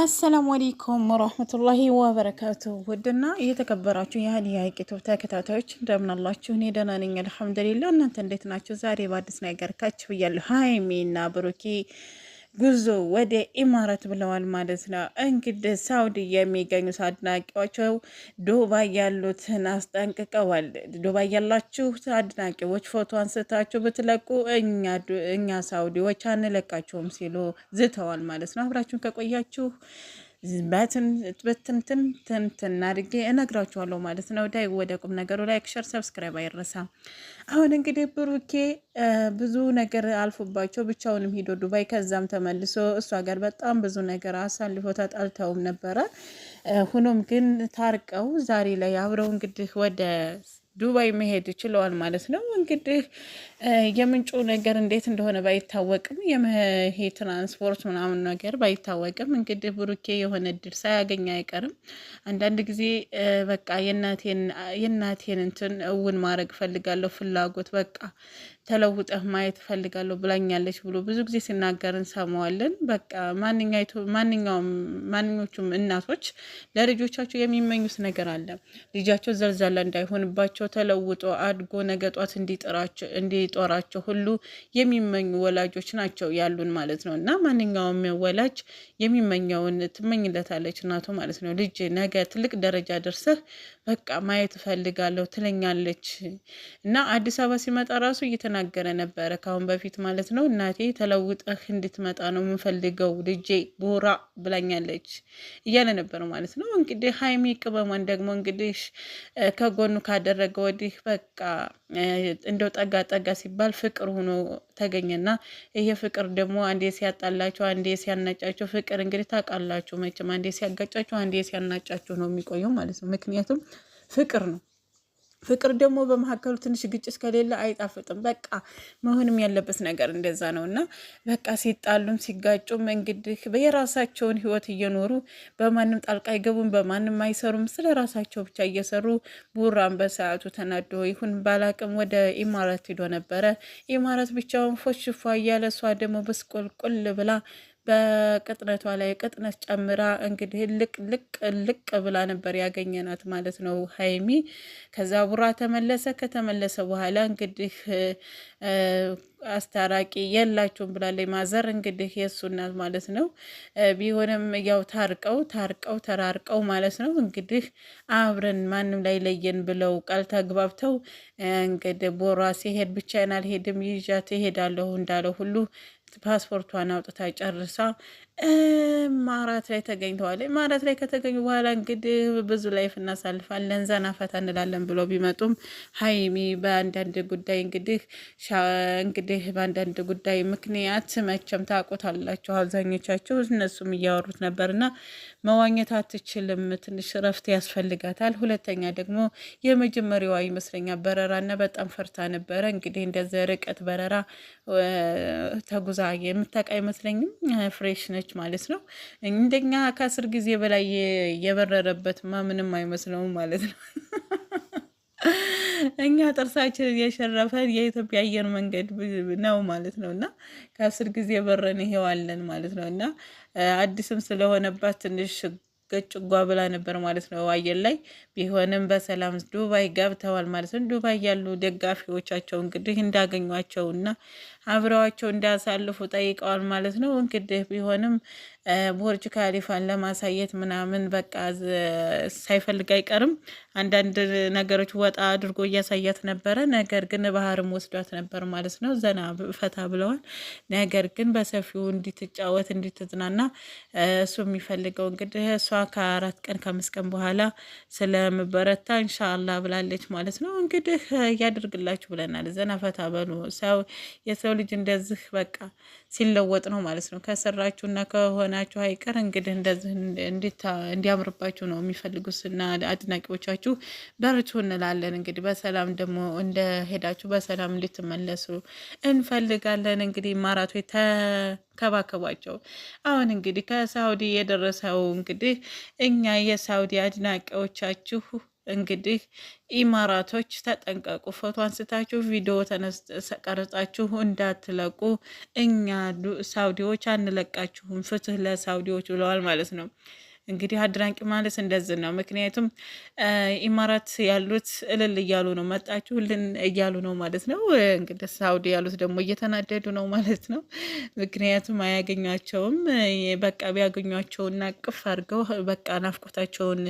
አሰላሙ አሌይኩም ወራህመቱላሂ ወበረካቱ። ውድና እየተከበራችሁ የሀዲያ ዩቲዩብ ተከታታዮች እንደምናላችሁ፣ እኔ ደህና ነኝ አልሐምዱሊላህ። እናንተ እንዴት ናችሁ? ዛሬ በአዲስ ነገር ካችሁ ብያለሁ። ሀይሚና ብሩኬ ጉዞ ወደ ኢማራት ብለዋል ማለት ነው። እንግዲህ ሳውዲ የሚገኙት አድናቂዎቸው ዱባይ ያሉትን አስጠንቅቀዋል። ዱባይ ያላችሁ አድናቂዎች ፎቶ አንስታችሁ ብትለቁ እኛ ሳውዲዎች አንለቃችሁም ሲሉ ዝተዋል ማለት ነው። አብራችሁን ከቆያችሁ በትንትን ትንትን አድርጌ እነግራችኋለሁ ማለት ነው። ዳይ ወደ ቁም ነገሩ ላይክ፣ ሸር፣ ሰብስክራይብ አይረሳ። አሁን እንግዲህ ብሩኬ ብዙ ነገር አልፎባቸው ብቻውንም ሂዶ ዱባይ ከዛም ተመልሶ እሷ ጋር በጣም ብዙ ነገር አሳልፎ ተጣልተውም ነበረ። ሁኖም ግን ታርቀው ዛሬ ላይ አብረው እንግዲህ ወደ ዱባይ መሄድ ችለዋል ማለት ነው። እንግዲህ የምንጩ ነገር እንዴት እንደሆነ ባይታወቅም የመሄ ትራንስፖርት ምናምን ነገር ባይታወቅም እንግዲህ ብሩኬ የሆነ እድል ሳያገኝ አይቀርም። አንዳንድ ጊዜ በቃ የእናቴን እንትን እውን ማድረግ እፈልጋለሁ ፍላጎት በቃ ተለውጠህ ማየት እፈልጋለሁ ብላኛለች ብሎ ብዙ ጊዜ ሲናገር እንሰማዋለን። በቃ ማንኛውም ማንኞቹም እናቶች ለልጆቻቸው የሚመኙት ነገር አለ። ልጃቸው ዘልዛላ እንዳይሆንባቸው ተለውጦ አድጎ ነገ ጧት እንዲጦራቸው ሁሉ የሚመኙ ወላጆች ናቸው ያሉን ማለት ነው። እና ማንኛውም ወላጅ የሚመኘውን ትመኝለታለች እናቱ ማለት ነው። ልጅ ነገ ትልቅ ደረጃ ደርሰህ በቃ ማየት እፈልጋለሁ ትለኛለች እና አዲስ አበባ ሲመጣ ራሱ እየተናገረ ነበረ ካሁን በፊት ማለት ነው። እናቴ ተለውጠህ እንድትመጣ ነው የምንፈልገው ልጄ ቦራ ብላኛለች እያለ ነበር ማለት ነው። እንግዲህ ሀይሚ ቅመሟን ደግሞ እንግዲህ ከጎኑ ካደረገ ወዲህ በቃ እንደው ጠጋ ጠጋ ሲባል ፍቅር ሆኖ ተገኘና ይሄ ፍቅር ደግሞ አንዴ ሲያጣላቸው፣ አንዴ ሲያናጫቸው ፍቅር እንግዲህ ታውቃላችሁ መቼም አንዴ ሲያጋጫቸው አንዴ ሲያናጫቸው ነው የሚቆየው ማለት ነው። ምክንያቱም ፍቅር ነው ፍቅር ደግሞ በመካከሉ ትንሽ ግጭት ከሌለ አይጣፍጥም። በቃ መሆንም ያለበት ነገር እንደዛ ነው እና በቃ ሲጣሉም ሲጋጩም እንግዲህ የራሳቸውን ህይወት እየኖሩ በማንም ጣልቃ አይገቡም፣ በማንም አይሰሩም። ስለ ራሳቸው ብቻ እየሰሩ ቡራን በሰዓቱ ተናዶ ይሁን ባላቅም ወደ ኢማራት ሂዶ ነበረ። ኢማራት ብቻውን ፎሽፏ እያለ እሷ ደግሞ በስቆልቁል ብላ በቅጥነቷ ላይ ቅጥነት ጨምራ እንግዲህ ልቅ ልቅ ልቅ ብላ ነበር ያገኘናት ማለት ነው ሀይሚ። ከዛ ቡራ ተመለሰ። ከተመለሰ በኋላ እንግዲህ አስታራቂ የላችሁም ብላለች ማዘር እንግዲህ የእሱ እናት ማለት ነው። ቢሆንም ያው ታርቀው ታርቀው ተራርቀው ማለት ነው እንግዲህ አብረን ማንም ላይ ለየን ብለው ቃል ተግባብተው እንግዲህ ቦራ ሲሄድ ብቻዬን አልሄድም ይዣት እሄዳለሁ እንዳለ ሁሉ ፓስፖርቷን አውጥታ ጨርሳ ማራት ላይ ተገኝተዋል። ማራት ላይ ከተገኙ በኋላ እንግዲህ ብዙ ላይፍ እናሳልፋለን ዘና ፈታ እንላለን ብሎ ቢመጡም ሀይሚ በአንዳንድ ጉዳይ እንግዲህ እንግዲህ በአንዳንድ ጉዳይ ምክንያት መቼም ታውቁታላችሁ አብዛኞቻችሁ እነሱም እያወሩት ነበርና መዋኘት አትችልም፣ ትንሽ ረፍት ያስፈልጋታል። ሁለተኛ ደግሞ የመጀመሪያዋ ይመስለኛል በረራና በጣም ፈርታ ነበረ። እንግዲህ እንደዚህ ርቀት በረራ ተጉዛ የምታውቅ አይመስለኝም። ፍሬሽ ነች ማለት ነው። እንደኛ ከአስር ጊዜ በላይ የበረረበት ምንም አይመስለውም ማለት ነው። እኛ ጥርሳችን የሸረፈን የኢትዮጵያ አየር መንገድ ነው ማለት ነው። እና ከአስር ጊዜ በረን ይሄዋለን ማለት ነው። እና አዲስም ስለሆነባት ትንሽ ገጭ ጓ ብላ ነበር ማለት ነው አየር ላይ። ቢሆንም በሰላም ዱባይ ገብተዋል ማለት ነው። ዱባይ ያሉ ደጋፊዎቻቸው እንግዲህ እና አብረዋቸው እንዳሳልፉ ጠይቀዋል ማለት ነው። እንግዲህ ቢሆንም ቦርጅ ካሊፋን ለማሳየት ምናምን በቃ ሳይፈልግ አይቀርም። አንዳንድ ነገሮች ወጣ አድርጎ እያሳያት ነበረ። ነገር ግን ባህርም ወስዷት ነበር ማለት ነው። ዘና ፈታ ብለዋል። ነገር ግን በሰፊው እንዲትጫወት እንዲትዝናና እሱ የሚፈልገው እንግዲህ እሷ ከአራት ቀን ከአምስት ቀን በኋላ ስለምበረታ እንሻላ ብላለች ማለት ነው። እንግዲህ እያደርግላችሁ ብለናል። ዘና ፈታ በሉ። ሰው የሰው ልጅ እንደዚህ በቃ ሲለወጥ ነው ማለት ነው። ከሰራችሁ ከሰራችሁና ከሆናችሁ አይቀር እንግዲህ እንደዚህ እንዲያምርባችሁ ነው የሚፈልጉት የሚፈልጉትና አድናቂዎቻችሁ በርቱ እንላለን። እንግዲህ በሰላም ደግሞ እንደሄዳችሁ በሰላም እንድትመለሱ እንፈልጋለን። እንግዲህ ማራቶ ተ ከባከባቸው አሁን እንግዲህ ከሳውዲ የደረሰው እንግዲህ እኛ የሳውዲ አድናቂዎቻችሁ እንግዲህ ኢማራቶች ተጠንቀቁ። ፎቶ አንስታችሁ ቪዲዮ ተቀርጻችሁ እንዳትለቁ፣ እኛ ሳውዲዎች አንለቃችሁም፣ ፍትህ ለሳውዲዎች ብለዋል ማለት ነው። እንግዲህ አድራንቂ ማለት እንደዚህ ነው። ምክንያቱም ኢማራት ያሉት እልል እያሉ ነው፣ መጣችሁልን እያሉ ነው ማለት ነው። እንግዲህ ሳውዲ ያሉት ደግሞ እየተናደዱ ነው ማለት ነው። ምክንያቱም አያገኟቸውም። በቃ ቢያገኟቸውና ቅፍ አድርገው በቃ ናፍቆታቸውን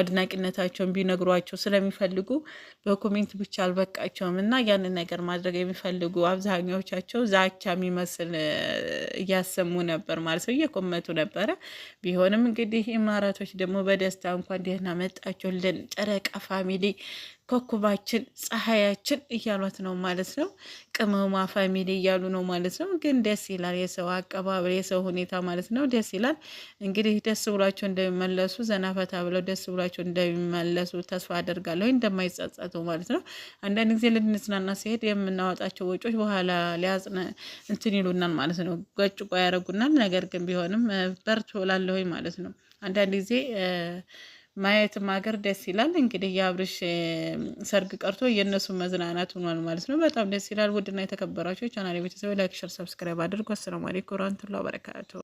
አድናቂነታቸውን ቢነግሯቸው ስለሚፈልጉ በኮሜንት ብቻ አልበቃቸውም እና ያንን ነገር ማድረግ የሚፈልጉ አብዛኛዎቻቸው ዛቻ የሚመስል እያሰሙ ነበር ማለት ነው፣ እየኮመቱ ነበረ ቢሆንም እንግዲህ ኢማራቶች ደግሞ በደስታ እንኳን ደህና መጣችሁልን ጨረቃ ፋሚሊ ኮከባችን ፀሐያችን እያሏት ነው ማለት ነው። ቅመማ ፋሚሊ እያሉ ነው ማለት ነው። ግን ደስ ይላል የሰው አቀባበል የሰው ሁኔታ ማለት ነው። ደስ ይላል እንግዲህ ደስ ብሏቸው እንደሚመለሱ ዘናፈታ ብለው ደስ ብሏቸው እንደሚመለሱ ተስፋ አደርጋለሁ እንደማይጸጸቱ ማለት ነው። አንዳንድ ጊዜ ልንዝናና ሲሄድ የምናወጣቸው ወጮች በኋላ ሊያጽነ እንትን ይሉናል ማለት ነው። ገጭቆ ያደረጉናል። ነገር ግን ቢሆንም በርቶ ላለሁኝ ማለት ነው። አንዳንድ ጊዜ ማየትም ሀገር ደስ ይላል። እንግዲህ የአብርሽ ሰርግ ቀርቶ የእነሱ መዝናናት ሆኗል ማለት ነው። በጣም ደስ ይላል። ውድና የተከበራችሁ ቻናል ቤተሰብ ላይክ፣ ሸር፣ ሰብስክራይብ አድርጉ። አሰላሙ አሌኩም ወራህመቱላሂ ወበረካቱ